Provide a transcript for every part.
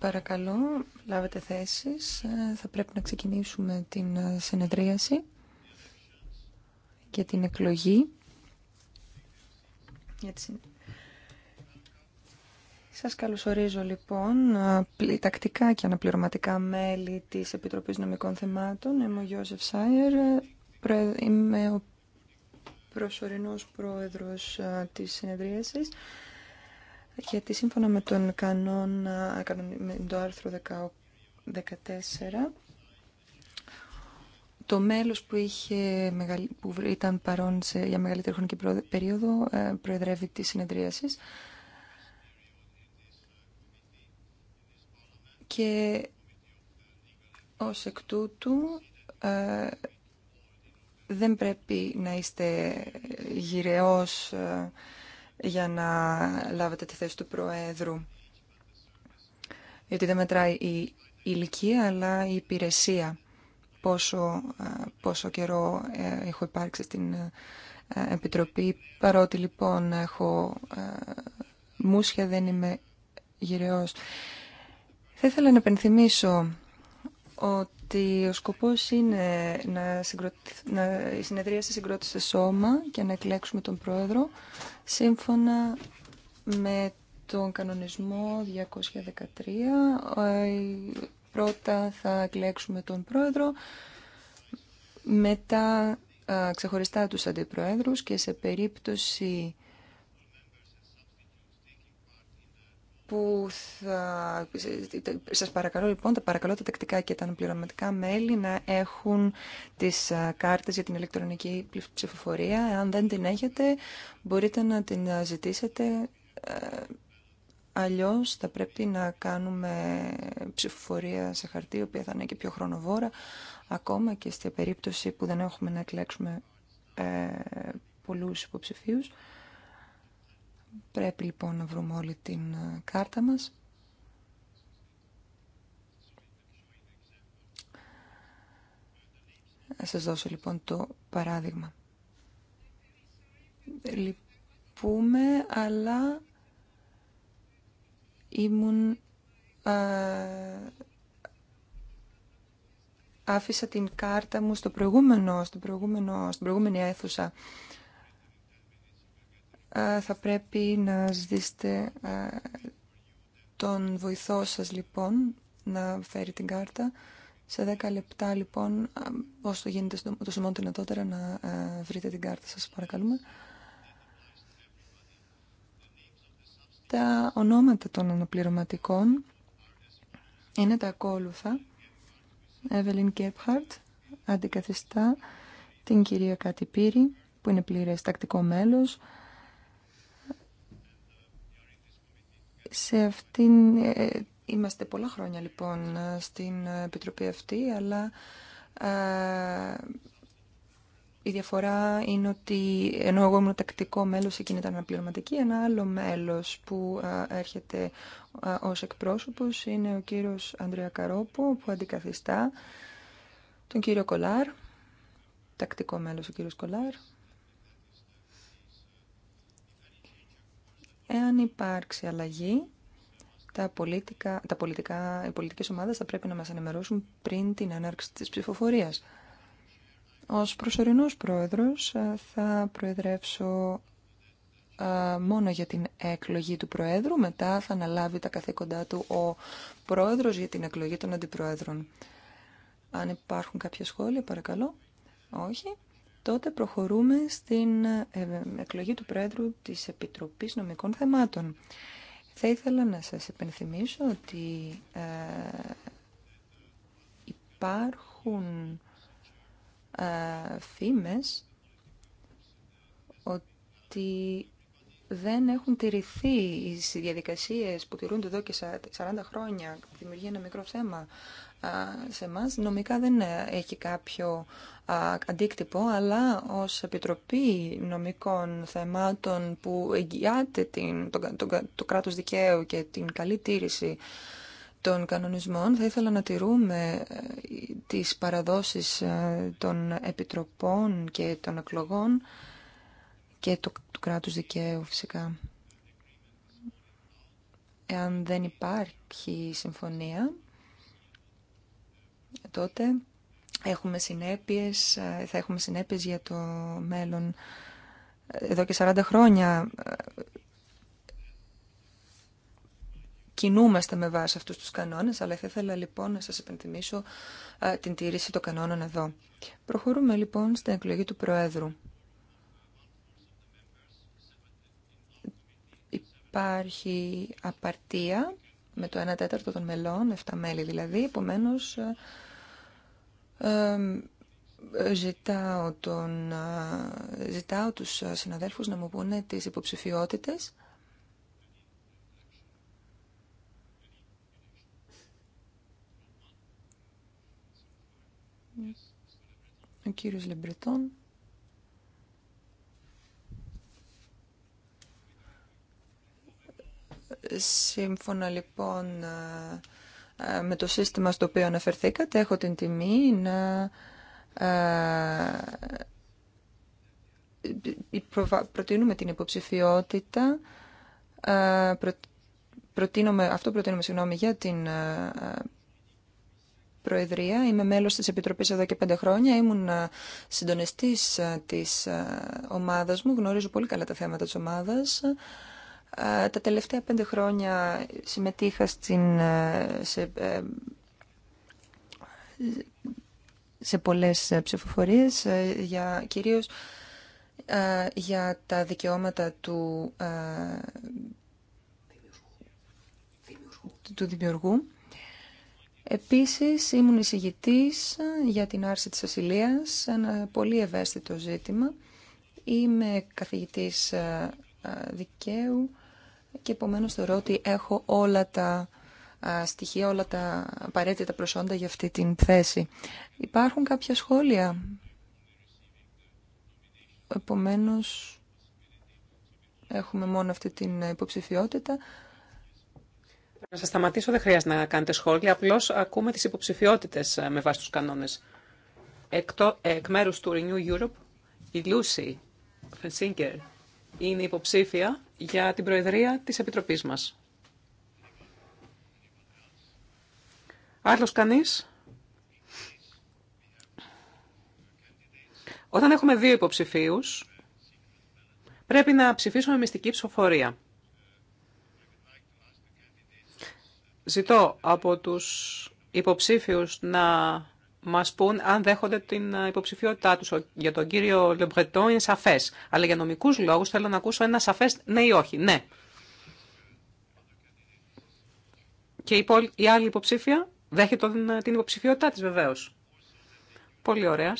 Παρακαλώ, λάβετε θέσεις. Ε, θα πρέπει να ξεκινήσουμε την ε, συνεδρίαση και την εκλογή. Έτσι. Σας καλωσορίζω λοιπόν ε, τακτικά και αναπληρωματικά μέλη της Επιτροπής Νομικών Θεμάτων. Είμαι ο Γιώσεφ Σάιερ, είμαι ο προσωρινός πρόεδρος της συνεδρίασης γιατί σύμφωνα με τον κανόνα, με το άρθρο 14, το μέλος που, είχε, που ήταν παρόν σε, για μεγαλύτερη χρονική περίοδο ε, προεδρεύει τη συνεδρίασης. Και ως εκ τούτου ε, δεν πρέπει να είστε γυρεός ε, για να λάβετε τη θέση του Προέδρου. Γιατί δεν μετράει η ηλικία, αλλά η υπηρεσία. Πόσο, ε, πόσο καιρό ε, έχω υπάρξει στην Επιτροπή. Παρότι λοιπόν έχω μουσια, δεν είμαι γυρεός. Θα ήθελα να επενθυμίσω ότι ότι ο σκοπός είναι να, να η σε συγκρότησε σώμα και να εκλέξουμε τον πρόεδρο σύμφωνα με τον κανονισμό 213. Ε, πρώτα θα εκλέξουμε τον πρόεδρο, μετά ε, ξεχωριστά τους αντιπροέδρους και σε περίπτωση που θα... Σας παρακαλώ λοιπόν, τα παρακαλώ τα τακτικά και τα αναπληρωματικά μέλη να έχουν τις κάρτες για την ηλεκτρονική ψηφοφορία. Αν δεν την έχετε, μπορείτε να την ζητήσετε. Ε, αλλιώς θα πρέπει να κάνουμε ψηφοφορία σε χαρτί, η οποία θα είναι και πιο χρονοβόρα, ακόμα και στην περίπτωση που δεν έχουμε να εκλέξουμε ε, πολλούς υποψηφίους. Πρέπει λοιπόν να βρούμε όλη την ε, κάρτα μας. Θα σας δώσω λοιπόν το παράδειγμα. Λυπούμε, αλλά ήμουν... Ε, άφησα την κάρτα μου στο προηγούμενο, στο προηγούμενο, στην προηγούμενη αίθουσα ε, θα πρέπει να ζητήσετε ε, τον βοηθό σας λοιπόν να φέρει την κάρτα. Σε 10 λεπτά λοιπόν, ε, όσο το γίνεται το σημείο δυνατότερα να βρείτε την κάρτα σας παρακαλούμε. Τα ονόματα των αναπληρωματικών είναι τα ακόλουθα. Εύελιν Κέπχαρτ αντικαθιστά την κυρία Κατυπήρη που είναι πλήρες τακτικό μέλος. Σε αυτήν ε, είμαστε πολλά χρόνια λοιπόν στην Επιτροπή αυτή, αλλά ε, η διαφορά είναι ότι ενώ εγώ ήμουν τακτικό μέλος, εκείνη ήταν αναπληρωματική, ένα άλλο μέλος που ε, έρχεται ως εκπρόσωπος είναι ο κύριος Ανδρέα Καρόπο που αντικαθιστά τον κύριο Κολάρ, τακτικό μέλος ο κύριος Κολάρ, Εάν υπάρξει αλλαγή, τα πολιτικά, τα πολιτικά, οι πολιτικές ομάδες θα πρέπει να μας ενημερώσουν πριν την έναρξη της ψηφοφορίας. Ως προσωρινός πρόεδρος ε, θα προεδρεύσω ε, μόνο για την εκλογή του Προέδρου, μετά θα αναλάβει τα καθήκοντά του ο Πρόεδρος για την εκλογή των Αντιπρόεδρων. Αν υπάρχουν κάποια σχόλια, παρακαλώ. Όχι τότε προχωρούμε στην ε, ε, εκλογή του Πρόεδρου της Επιτροπής Νομικών Θεμάτων. Θα ήθελα να σας υπενθυμίσω ότι ε, υπάρχουν ε, φήμες ότι δεν έχουν τηρηθεί οι διαδικασίες που τηρούνται εδώ και 40 χρόνια, δημιουργεί ένα μικρό θέμα σε εμά. Νομικά δεν ε, έχει κάποιο αντίκτυπο, αλλά ως Επιτροπή Νομικών Θεμάτων που εγγυάται την, το, το, το κράτος δικαίου και την καλή τήρηση των κανονισμών θα ήθελα να τηρούμε ε, τις παραδόσεις ε, των επιτροπών και των εκλογών και το του κράτους δικαίου φυσικά. Εάν δεν υπάρχει συμφωνία, τότε έχουμε συνέπειες, ε, θα έχουμε συνέπειες για το μέλλον. Εδώ και 40 χρόνια ε, κινούμαστε με βάση αυτούς τους κανόνες, αλλά θα ήθελα λοιπόν να σας επενθυμίσω ε, την τήρηση των κανόνων εδώ. Προχωρούμε λοιπόν στην εκλογή του Προέδρου. υπάρχει απαρτία με το 1 τέταρτο των μελών, 7 μέλη δηλαδή, επομένως ε, ε, ζητάω, τον, ε, ζητάω τους συναδέλφους να μου πούνε τις υποψηφιότητες Ο κύριος Λεμπρετών. Σύμφωνα λοιπόν ε, ε, με το σύστημα στο οποίο αναφερθήκατε, έχω την τιμή να ε, προτείνουμε την υποψηφιότητα, προτείνουμε, αυτό προτείνουμε συγγνώμη για την Προεδρία. Είμαι μέλος της Επιτροπής εδώ και πέντε χρόνια. Ήμουν συντονιστής της ομάδας μου. Γνωρίζω πολύ καλά τα θέματα της ομάδας. Τα τελευταία πέντε χρόνια συμμετείχα στην, ε, σε, ε, σε πολλές ε, ψηφοφορίες, για, κυρίως για τα δικαιώματα του, του δημιουργού. Επίσης ήμουν εισηγητής για την άρση της ασυλίας, ένα πολύ ευαίσθητο ζήτημα. Είμαι καθηγητής δικαίου και επομένως θεωρώ ότι έχω όλα τα στοιχεία, όλα τα απαραίτητα προσόντα για αυτή την θέση. Υπάρχουν κάποια σχόλια. Επομένως, έχουμε μόνο αυτή την υποψηφιότητα. Να σας σταματήσω, δεν χρειάζεται να κάνετε σχόλια, απλώς ακούμε τις υποψηφιότητες ε, με βάση τους κανόνες. Ε, εκ μέρους του Renew Europe, η Lucy Φενσίγκερ είναι υποψήφια για την Προεδρία της Επιτροπής μας. Άλλος κανείς. Όταν έχουμε δύο υποψηφίους, πρέπει να ψηφίσουμε μυστική ψηφοφορία. Ζητώ από τους υποψήφιους να μας πούν αν δέχονται την ε, υποψηφιότητά τους. Για τον κύριο Λεμπρετό είναι σαφές. Αλλά για νομικούς λόγους θέλω να ακούσω ένα σαφές ναι ή όχι. Ναι. Και η άλλη υποψήφια δέχεται ε, την υποψηφιότητά της βεβαίως. Πολύ ωραία.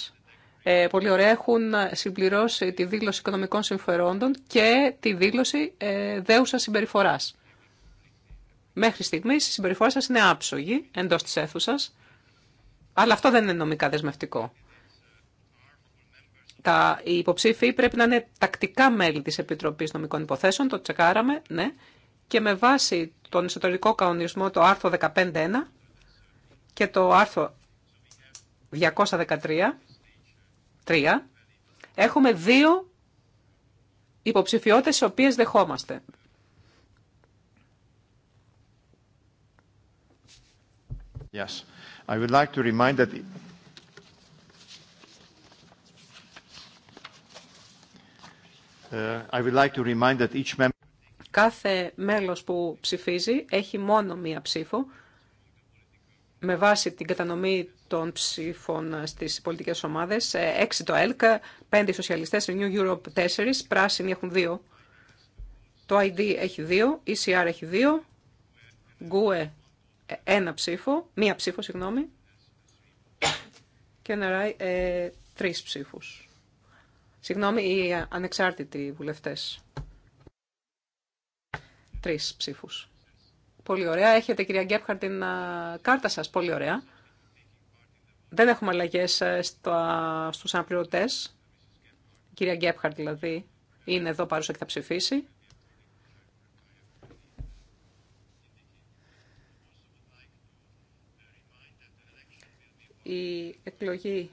Ε, πολύ ωραία. Έχουν ε, συμπληρώσει τη δήλωση οικονομικών συμφερόντων και τη δήλωση ε, δέουσα συμπεριφοράς. Μέχρι στιγμής η συμπεριφορά σας είναι άψογη εντός της αίθουσας. Αλλά αυτό δεν είναι νομικά δεσμευτικό. Τα, οι υποψήφοι πρέπει να είναι τακτικά μέλη της Επιτροπής Νομικών Υποθέσεων, το τσεκάραμε, ναι, και με βάση τον εσωτερικό κανονισμό το άρθρο 15.1 και το άρθρο 213, 3, έχουμε δύο υποψηφιότητες τις οποίες δεχόμαστε. Yes. I would like to remind that uh, I would like to remind that each member Κάθε μέλος που ψηφίζει έχει μόνο μία ψήφο με βάση την κατανομή των ψήφων στις πολιτικές ομάδες. 6 ε, το ΕΛΚ, 5 οι σοσιαλιστές, New Europe 4, πράσινοι έχουν 2. Το ID έχει 2, ECR έχει 2, GUE ένα ψήφο, μία ψήφο, συγγνώμη, και ράει ε, τρεις ψήφους. Συγγνώμη, οι ανεξάρτητοι βουλευτές. Τρεις ψήφους. Πολύ ωραία. Έχετε, κυρία Γκέπχαρ, την κάρτα σας. Πολύ ωραία. Δεν έχουμε αλλαγέ ε, στα, στους αναπληρωτές. Η κυρία Γκέπχαρ, δηλαδή, είναι εδώ παρούσα και θα ψηφίσει. η εκλογή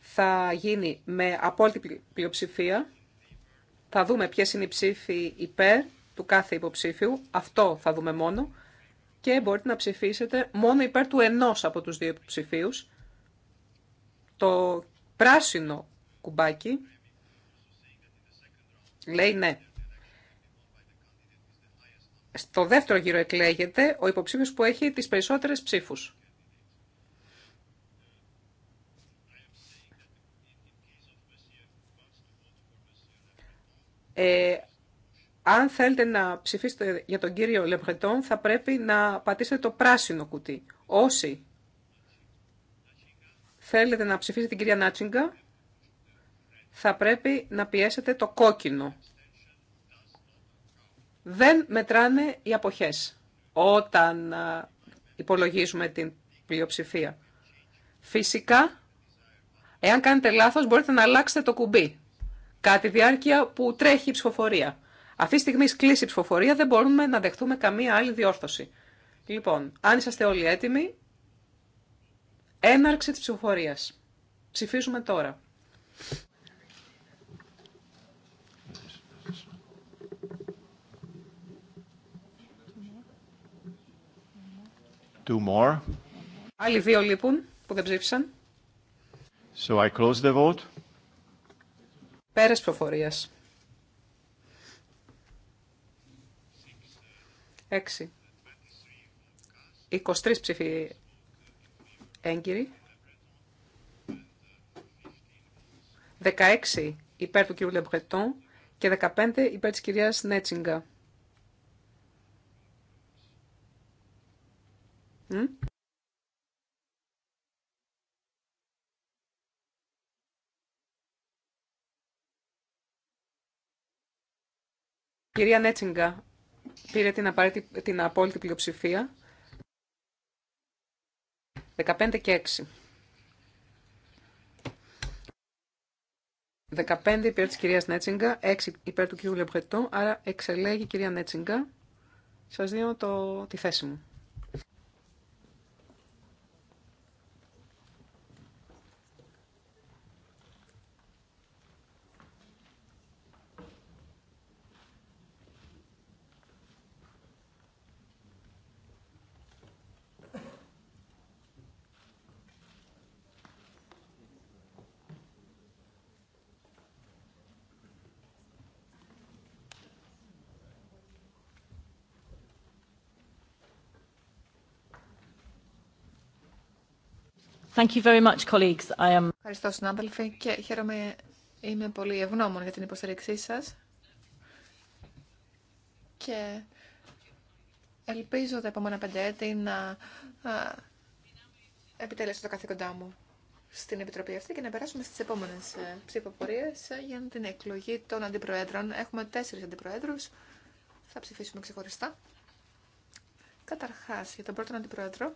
θα γίνει με απόλυτη πλειοψηφία. Θα δούμε ποιες είναι οι ψήφοι υπέρ του κάθε υποψήφιου. Αυτό θα δούμε μόνο. Και μπορείτε να ψηφίσετε μόνο υπέρ του ενός από τους δύο υποψηφίους. Το πράσινο κουμπάκι λέει ναι. Στο δεύτερο γύρο εκλέγεται ο υποψήφιος που έχει τις περισσότερες ψήφους. Ε, αν θέλετε να ψηφίσετε για τον κύριο Λεμπρετών, θα πρέπει να πατήσετε το πράσινο κουτί. Όσοι θέλετε να ψηφίσετε την κυρία Νάτσιγκα, θα πρέπει να πιέσετε το κόκκινο. Δεν μετράνε οι αποχές όταν υπολογίζουμε την πλειοψηφία. Φυσικά, εάν κάνετε λάθος, μπορείτε να αλλάξετε το κουμπί. Κάτι διάρκεια που τρέχει η ψηφοφορία. Αυτή τη στιγμή κλείσει η ψηφοφορία, δεν μπορούμε να δεχτούμε καμία άλλη διόρθωση. Λοιπόν, αν είσαστε όλοι έτοιμοι, έναρξη της ψηφοφορίας. Ψηφίζουμε τώρα. more. Άλλοι δύο λείπουν που δεν ψήφισαν. So I close the vote. Πέρας προφορίας. 6. 23 ψήφοι έγκυροι. 16 υπέρ του κ. Λεμπρετών και 15 υπέρ της κυρίας Νέτσιγκα. κυρία Νέτσιγκα πήρε την, την απόλυτη πλειοψηφία. 15 και 6. 15 υπέρ της κυρίας Νέτσιγκα, 6 υπέρ του κυρίου Λεμπρετό, άρα εξελέγει η κυρία Νέτσιγκα. Σας δίνω το, τη θέση μου. Ευχαριστώ, συνάδελφοι, και χαίρομαι, είμαι πολύ ευγνώμων για την υποστήριξή σας. Και ελπίζω τα επόμενα πέντε έτη να επιτέλεσω το καθήκοντά μου στην Επιτροπή αυτή και να περάσουμε στις επόμενες ε, ψηφοφορίες ε, για την εκλογή των αντιπροέδρων. Έχουμε τέσσερις αντιπροέδρους. Θα ψηφίσουμε ξεχωριστά. Καταρχάς, για τον πρώτο αντιπρόεδρο,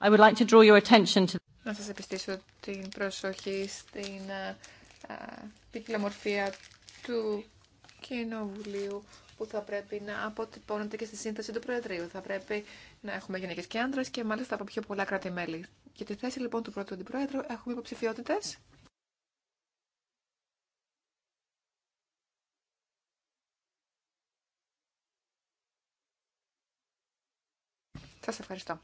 I would like to draw your attention to... Να σας επιστήσω την προσοχή στην πυκλομορφία ε, ε, του Κοινοβουλίου που θα πρέπει να αποτυπώνεται και στη σύνθεση του Προεδρείου. Θα πρέπει να έχουμε γυναίκες και άντρε και μάλιστα από πιο πολλά κράτη-μέλη. Για τη θέση λοιπόν του πρώτου αντιπρόεδρου έχουμε υποψηφιότητε. Σας ευχαριστώ.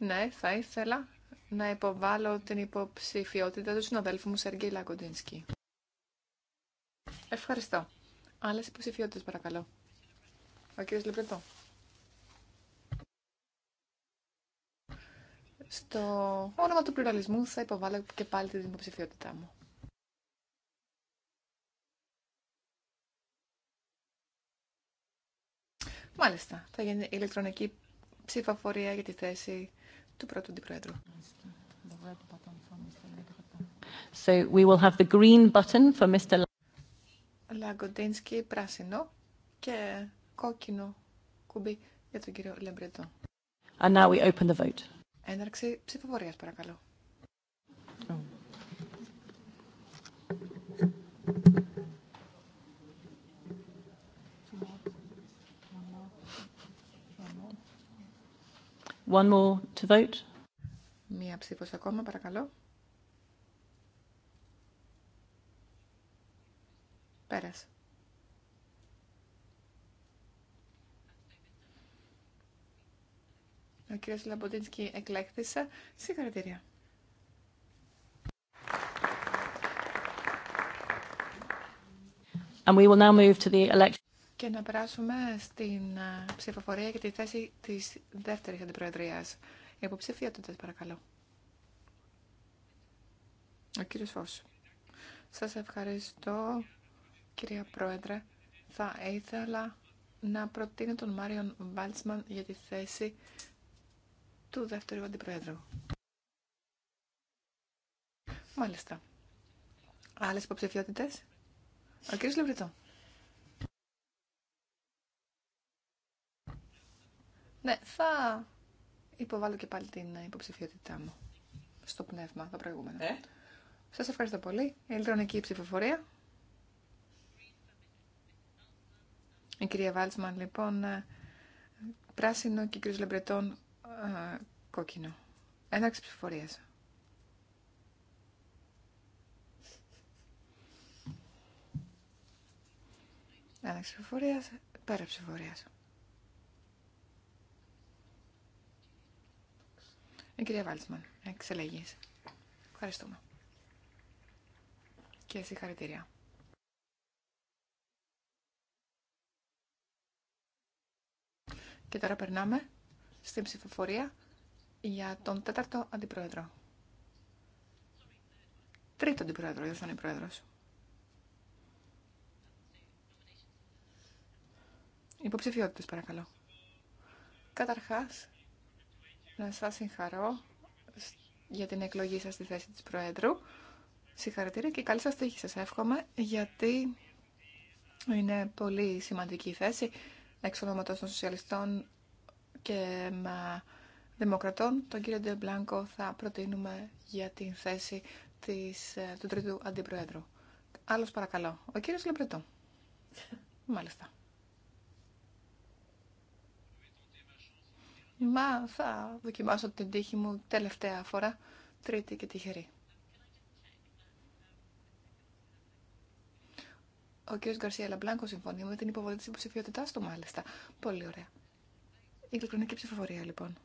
Ναι, θα ήθελα να υποβάλω την υποψηφιότητα του συναδέλφου μου Σεργέη Λαγκοντίνσκη. Ευχαριστώ. Άλλε υποψηφιότητες παρακαλώ. Ο κύριο Λεπρετό. Στο όνομα του πλουραλισμού θα υποβάλω και πάλι την υποψηφιότητά μου. Μάλιστα, θα γίνει ηλεκτρονική ψηφοφορία για τη θέση του πρώτου αντιπρόεδρου. the Λαγκοντίνσκι, πράσινο και κόκκινο κουμπί για τον κύριο Λεμπρετό. Έναρξη ψηφοφορίας, παρακαλώ. One more to vote. Μία ψήφος ακόμα, παρακαλώ. Πέρασε. Ο κύριος Λαμποντίνσκι εκλέχθησε. Συγχαρητήρια. And we will now move to the election και να περάσουμε στην ε, ψηφοφορία για τη θέση της δεύτερης αντιπροεδρίας. Η υποψηφία παρακαλώ. Ο κύριος Φως. Σας ευχαριστώ, κυρία Πρόεδρε. Θα ήθελα να προτείνω τον Μάριον Βάλτσμαν για τη θέση του δεύτερου αντιπρόεδρου. Μάλιστα. Άλλες υποψηφιότητε. Ο κύριος Λευριτό. Ναι, θα υποβάλω και πάλι την υποψηφιότητά μου στο πνεύμα, το προηγούμενο. Ε? Σας ευχαριστώ πολύ. Η ηλεκτρονική ψηφοφορία. Η κυρία Βάλτσμαν, λοιπόν, ε, πράσινο και κύριος Λεμπρετών, ε, κόκκινο. Έναρξη ψηφοφορίας. Έναρξη ψηφοφορίας, πέρα ψηφοφορίας. Η ε, κυρία Βάλτσμαν, εξελεγείς. Ευχαριστούμε. Και συγχαρητήρια. Και τώρα περνάμε στην ψηφοφορία για τον τέταρτο αντιπρόεδρο. Τρίτο αντιπρόεδρο, δεν θα είναι πρόεδρος. Υποψηφιότητες, παρακαλώ. Καταρχάς, να σας συγχαρώ για την εκλογή σας στη θέση της Προέδρου. Συγχαρητήρια και καλή σας τύχη σας εύχομαι, γιατί είναι πολύ σημαντική η θέση εξ των σοσιαλιστών και με δημοκρατών. Τον κύριο Ντεμπλάνκο θα προτείνουμε για την θέση της, του τρίτου αντιπροέδρου. Άλλος παρακαλώ. Ο κύριος Λεπρετό. Μάλιστα. Μα θα δοκιμάσω την τύχη μου τελευταία φορά, τρίτη και τυχερή. Ο κ. Γκαρσία Λαμπλάνκο συμφωνεί με την υποβολή τη υποψηφιότητά του, μάλιστα. Πολύ ωραία. Η ηλεκτρονική ψηφοφορία, λοιπόν.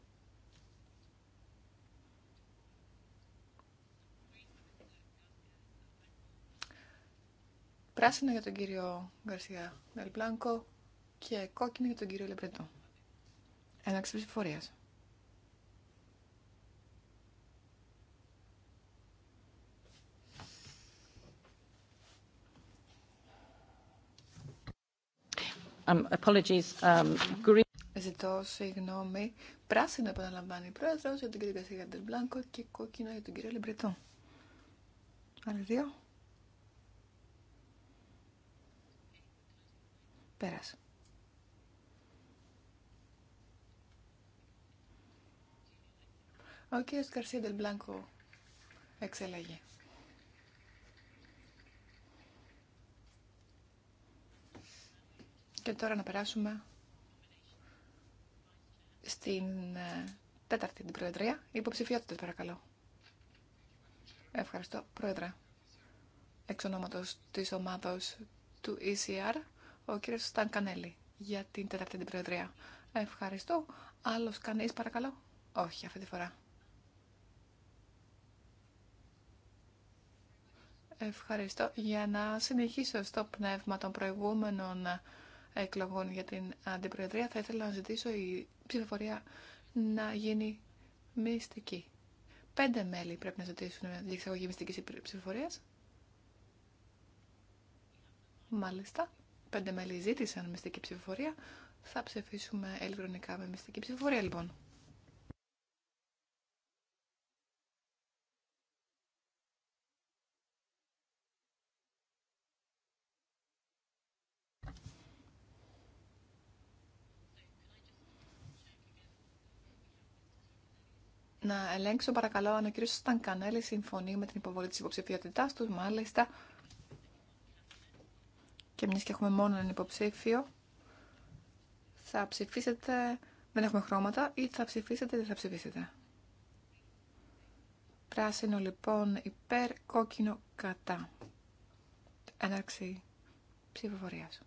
Πράσινο για τον κύριο Γκαρσία Λαμπλάνκο και κόκκινο για τον κύριο Λεπρετού. Έναξη ψηφοφορία. Um, apologies, um, green... Ζητώ συγγνώμη. Πράσινο επαναλαμβάνει η πρόεδρο για την κυρία Κασίγια Μπλάνκο και κόκκινο για τον κύριο Λεμπρετό. Άλλοι δύο. Πέρασε. Ο κύριος Καρσία Ντελμπλάνκο εξελέγει. Και τώρα να περάσουμε στην ε, τέταρτη την Προεδρία. Υποψηφιότητες παρακαλώ. Ευχαριστώ, Πρόεδρε. Εξ ονόματος της ομάδος του ECR, ο κύριος Σταν Κανέλη, για την τέταρτη την Προεδρία. Ευχαριστώ. Άλλος κανείς παρακαλώ. Όχι, αυτή τη φορά. Ευχαριστώ. Για να συνεχίσω στο πνεύμα των προηγούμενων εκλογών για την Αντιπροεδρία, θα ήθελα να ζητήσω η ψηφοφορία να γίνει μυστική. Πέντε μέλη πρέπει να ζητήσουν διεξαγωγή μυστικής ψηφοφορίας. Μάλιστα, πέντε μέλη ζήτησαν μυστική ψηφοφορία. Θα ψηφίσουμε ηλεκτρονικά με μυστική ψηφοφορία, λοιπόν. να ελέγξω παρακαλώ αν ο κύριος Στανκανέλη συμφωνεί με την υποβολή της υποψηφιότητάς του, μάλιστα. Και μιας και έχουμε μόνο έναν υποψήφιο, θα ψηφίσετε, δεν έχουμε χρώματα, ή θα ψηφίσετε ή δεν θα ψηφίσετε. Πράσινο λοιπόν υπέρ, κόκκινο κατά. Έναρξη ψηφοφορίας.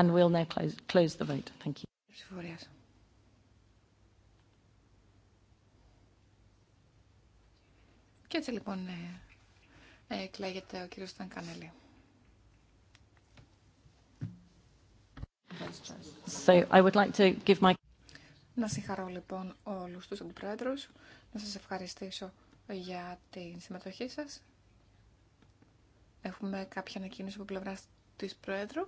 And we'll now close, close the vote. Thank you. Και έτσι λοιπόν ε, ε, εκλέγεται ο κύριος Στανκανέλη. So, I would like to give my... Να συγχαρώ λοιπόν όλους τους αντιπρόεδρους, να σας ευχαριστήσω για την συμμετοχή σας. Έχουμε κάποια ανακοίνωση από πλευρά της Πρόεδρου.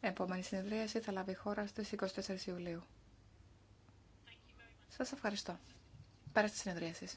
Επόμενη συνεδρίαση θα λάβει η χώρα στις 24 Ιουλίου. Σας ευχαριστώ. Πέρα στη συνεδρίαση.